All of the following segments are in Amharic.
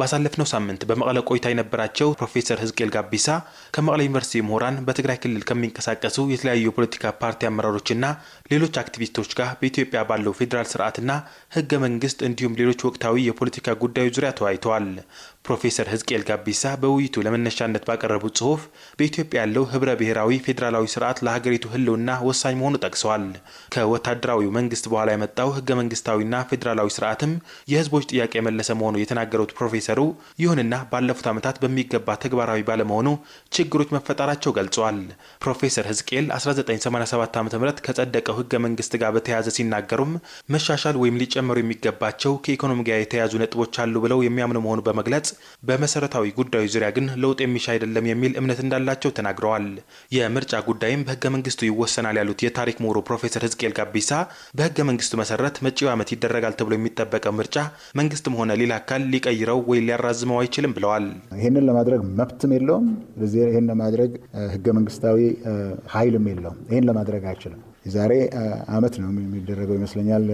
ባሳለፍነው ሳምንት በመቀለ ቆይታ የነበራቸው ፕሮፌሰር ህዝቅኤል ጋቢሳ ከመቀለ ዩኒቨርሲቲ ምሁራን በትግራይ ክልል ከሚንቀሳቀሱ የተለያዩ የፖለቲካ ፓርቲ አመራሮችና ሌሎች አክቲቪስቶች ጋር በኢትዮጵያ ባለው ፌዴራል ስርዓትና ህገ መንግስት እንዲሁም ሌሎች ወቅታዊ የፖለቲካ ጉዳዮች ዙሪያ ተወያይተዋል። ፕሮፌሰር ህዝቅኤል ጋቢሳ በውይይቱ ለመነሻነት ባቀረቡት ጽሁፍ በኢትዮጵያ ያለው ህብረ ብሔራዊ ፌዴራላዊ ስርዓት ለሀገሪቱ ህልውና ወሳኝ መሆኑ ጠቅሰዋል። ከወታደራዊው መንግስት በኋላ የመጣው ህገ መንግስታዊና ፌዴራላዊ ስርዓትም የህዝቦች ጥያቄ የመለሰ መሆኑ የተናገሩት ፕሮፌሰር እንደሚሰሩ፣ ይሁንና ባለፉት ዓመታት በሚገባ ተግባራዊ ባለመሆኑ ችግሮች መፈጠራቸው ገልጸዋል። ፕሮፌሰር ህዝቅኤል 1987 ዓ ም ከጸደቀው ህገ መንግስት ጋር በተያያዘ ሲናገሩም መሻሻል ወይም ሊጨመሩ የሚገባቸው ከኢኮኖሚ ጋር የተያያዙ ነጥቦች አሉ ብለው የሚያምኑ መሆኑ በመግለጽ በመሰረታዊ ጉዳዮች ዙሪያ ግን ለውጥ የሚሻ አይደለም የሚል እምነት እንዳላቸው ተናግረዋል። የምርጫ ጉዳይም በህገ መንግስቱ ይወሰናል ያሉት የታሪክ ምሁሩ ፕሮፌሰር ህዝቅኤል ጋቢሳ በህገ መንግስቱ መሰረት መጪው ዓመት ይደረጋል ተብሎ የሚጠበቀው ምርጫ መንግስትም ሆነ ሌላ አካል ሊቀይረው ወይ ሊያራዝመው አይችልም ብለዋል። ይህንን ለማድረግ መብትም የለውም። ይህን ለማድረግ ህገ መንግስታዊ ሀይልም የለውም። ይህን ለማድረግ አይችልም። የዛሬ አመት ነው የሚደረገው ይመስለኛል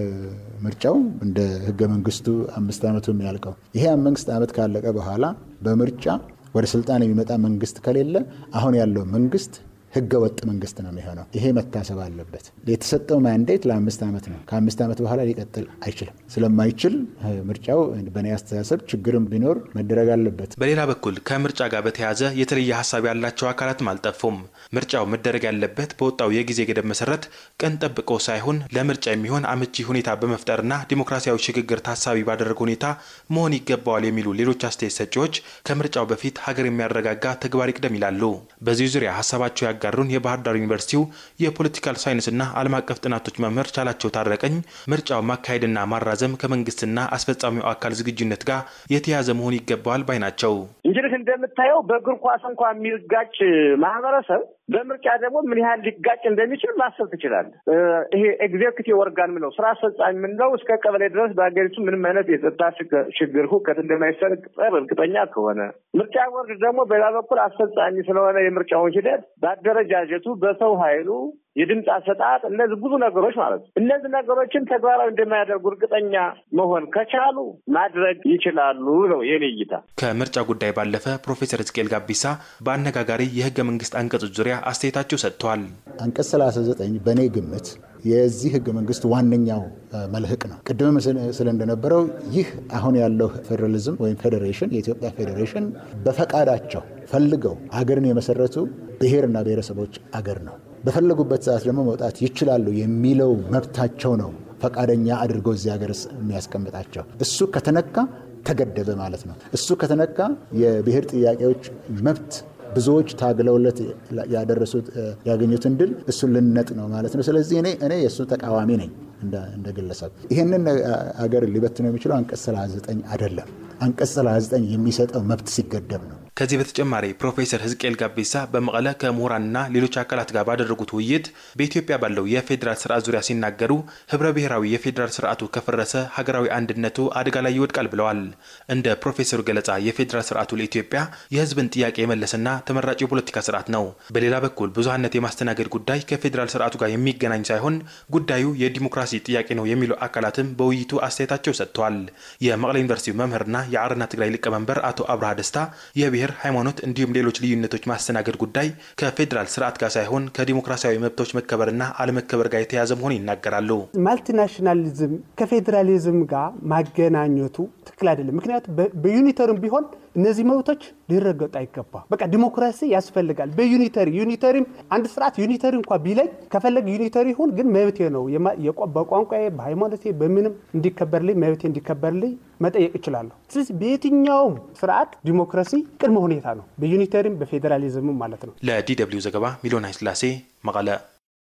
ምርጫው እንደ ህገ መንግስቱ አምስት አመቱ የሚያልቀው ይሄ አምስት አመት ካለቀ በኋላ በምርጫ ወደ ስልጣን የሚመጣ መንግስት ከሌለ አሁን ያለው መንግስት ህገወጥ መንግስት ነው የሚሆነው። ይሄ መታሰብ አለበት። የተሰጠው ማንዴት ለአምስት ዓመት ነው። ከአምስት ዓመት በኋላ ሊቀጥል አይችልም። ስለማይችል ምርጫው በእኔ አስተሳሰብ ችግርም ቢኖር መደረግ አለበት። በሌላ በኩል ከምርጫ ጋር በተያያዘ የተለየ ሀሳብ ያላቸው አካላትም አልጠፉም። ምርጫው መደረግ ያለበት በወጣው የጊዜ ገደብ መሰረት ቀን ጠብቆ ሳይሆን ለምርጫ የሚሆን አመቺ ሁኔታ በመፍጠርና ዲሞክራሲያዊ ሽግግር ታሳቢ ባደረገ ሁኔታ መሆን ይገባዋል የሚሉ ሌሎች አስተያየት ሰጪዎች ከምርጫው በፊት ሀገር የሚያረጋጋ ተግባር ይቅደም ይላሉ። በዚህ ዙሪያ ሀሳባቸው ያጋሩን የባህር ዳር ዩኒቨርሲቲው የፖለቲካል ሳይንስና ዓለም አቀፍ ጥናቶች መምህር ቻላቸው ታረቀኝ ምርጫው ማካሄድና ማራዘም ከመንግስትና አስፈጻሚው አካል ዝግጁነት ጋር የተያዘ መሆን ይገባዋል ባይ ናቸው። እንግዲህ እንደምታየው በእግር ኳስ እንኳ የሚጋጭ ማህበረሰብ በምርጫ ደግሞ ምን ያህል ሊጋጭ እንደሚችል ማሰብ ትችላለህ። ይሄ ኤግዜክቲቭ ኦርጋን ምንለው ስራ አስፈጻሚ ምንለው እስከ ቀበሌ ድረስ በሀገሪቱ ምንም አይነት የጸጥታ ችግር ሁከት እንደማይሰር እርግጠኛ ከሆነ ምርጫ ቦርድ ደግሞ በሌላ በኩል አስፈጻሚ ስለሆነ የምርጫውን ሂደት በአደረጃጀቱ፣ በሰው ኃይሉ የድምፅ አሰጣጥ፣ እነዚህ ብዙ ነገሮች ማለት ነው። እነዚህ ነገሮችን ተግባራዊ እንደማያደርጉ እርግጠኛ መሆን ከቻሉ ማድረግ ይችላሉ ነው የኔ እይታ። ከምርጫ ጉዳይ ባለፈ ፕሮፌሰር እዝቅኤል ጋቢሳ በአነጋጋሪ የህገ መንግስት አንቀጾች ዙሪያ አስተያየታቸው ሰጥተዋል። አንቀጽ ሰላሳ ዘጠኝ በእኔ ግምት የዚህ ህገ መንግስት ዋነኛው መልህቅ ነው። ቅድም ስለ እንደነበረው ይህ አሁን ያለው ፌዴራሊዝም ወይም ፌዴሬሽን የኢትዮጵያ ፌዴሬሽን በፈቃዳቸው ፈልገው አገርን የመሰረቱ ብሔርና ብሔረሰቦች አገር ነው። በፈለጉበት ሰዓት ደግሞ መውጣት ይችላሉ የሚለው መብታቸው ነው ፈቃደኛ አድርጎ እዚህ ሀገር የሚያስቀምጣቸው። እሱ ከተነካ ተገደበ ማለት ነው። እሱ ከተነካ የብሔር ጥያቄዎች መብት ብዙዎች ታግለውለት ያደረሱት ያገኙትን ድል እሱን ልነጥ ነው ማለት ነው። ስለዚህ እኔ እኔ የእሱ ተቃዋሚ ነኝ እንደ ግለሰብ። ይህንን ሀገር ሊበት ነው የሚችለው አንቀጽ 39 አይደለም። አንቀጽ 39 የሚሰጠው መብት ሲገደብ ነው። ከዚህ በተጨማሪ ፕሮፌሰር ህዝቅኤል ጋቢሳ በመቀለ ከምሁራንና ሌሎች አካላት ጋር ባደረጉት ውይይት በኢትዮጵያ ባለው የፌዴራል ስርዓት ዙሪያ ሲናገሩ ህብረ ብሔራዊ የፌዴራል ስርዓቱ ከፈረሰ ሀገራዊ አንድነቱ አደጋ ላይ ይወድቃል ብለዋል። እንደ ፕሮፌሰሩ ገለጻ የፌዴራል ስርዓቱ ለኢትዮጵያ የህዝብን ጥያቄ የመለሰና ተመራጭ የፖለቲካ ስርዓት ነው። በሌላ በኩል ብዙሀነት የማስተናገድ ጉዳይ ከፌዴራል ስርዓቱ ጋር የሚገናኝ ሳይሆን ጉዳዩ የዲሞክራሲ ጥያቄ ነው የሚሉ አካላትም በውይይቱ አስተያየታቸው ሰጥተዋል። የመቀለ ዩኒቨርሲቲ መምህርና የአረና ትግራይ ሊቀመንበር አቶ አብርሃ ደስታ ብሔር፣ ሃይማኖት እንዲሁም ሌሎች ልዩነቶች ማስተናገድ ጉዳይ ከፌዴራል ስርዓት ጋር ሳይሆን ከዲሞክራሲያዊ መብቶች መከበርና አለመከበር ጋር የተያዘ መሆን ይናገራሉ። ማልቲናሽናሊዝም ከፌዴራሊዝም ጋር ማገናኘቱ ትክክል አይደለም። ምክንያቱም በዩኒተርም ቢሆን እነዚህ መብቶች ሊረገጡ አይገባም። በቃ ዲሞክራሲ ያስፈልጋል። በዩኒተሪ ዩኒተሪም አንድ ስርዓት ዩኒተሪ እንኳ ቢለይ ከፈለግ ዩኒተሪ ይሁን፣ ግን መብቴ ነው በቋንቋ በሃይማኖቴ በምንም እንዲከበርልኝ መብቴ እንዲከበርልኝ መጠየቅ እችላለሁ። ስለዚህ በየትኛውም ስርዓት ዲሞክራሲ ቅድመ ሁኔታ ነው፣ በዩኒተሪም በፌዴራሊዝምም ማለት ነው። ለዲ ደብልዩ ዘገባ ሚሊዮን ኃይለሥላሴ መቀለ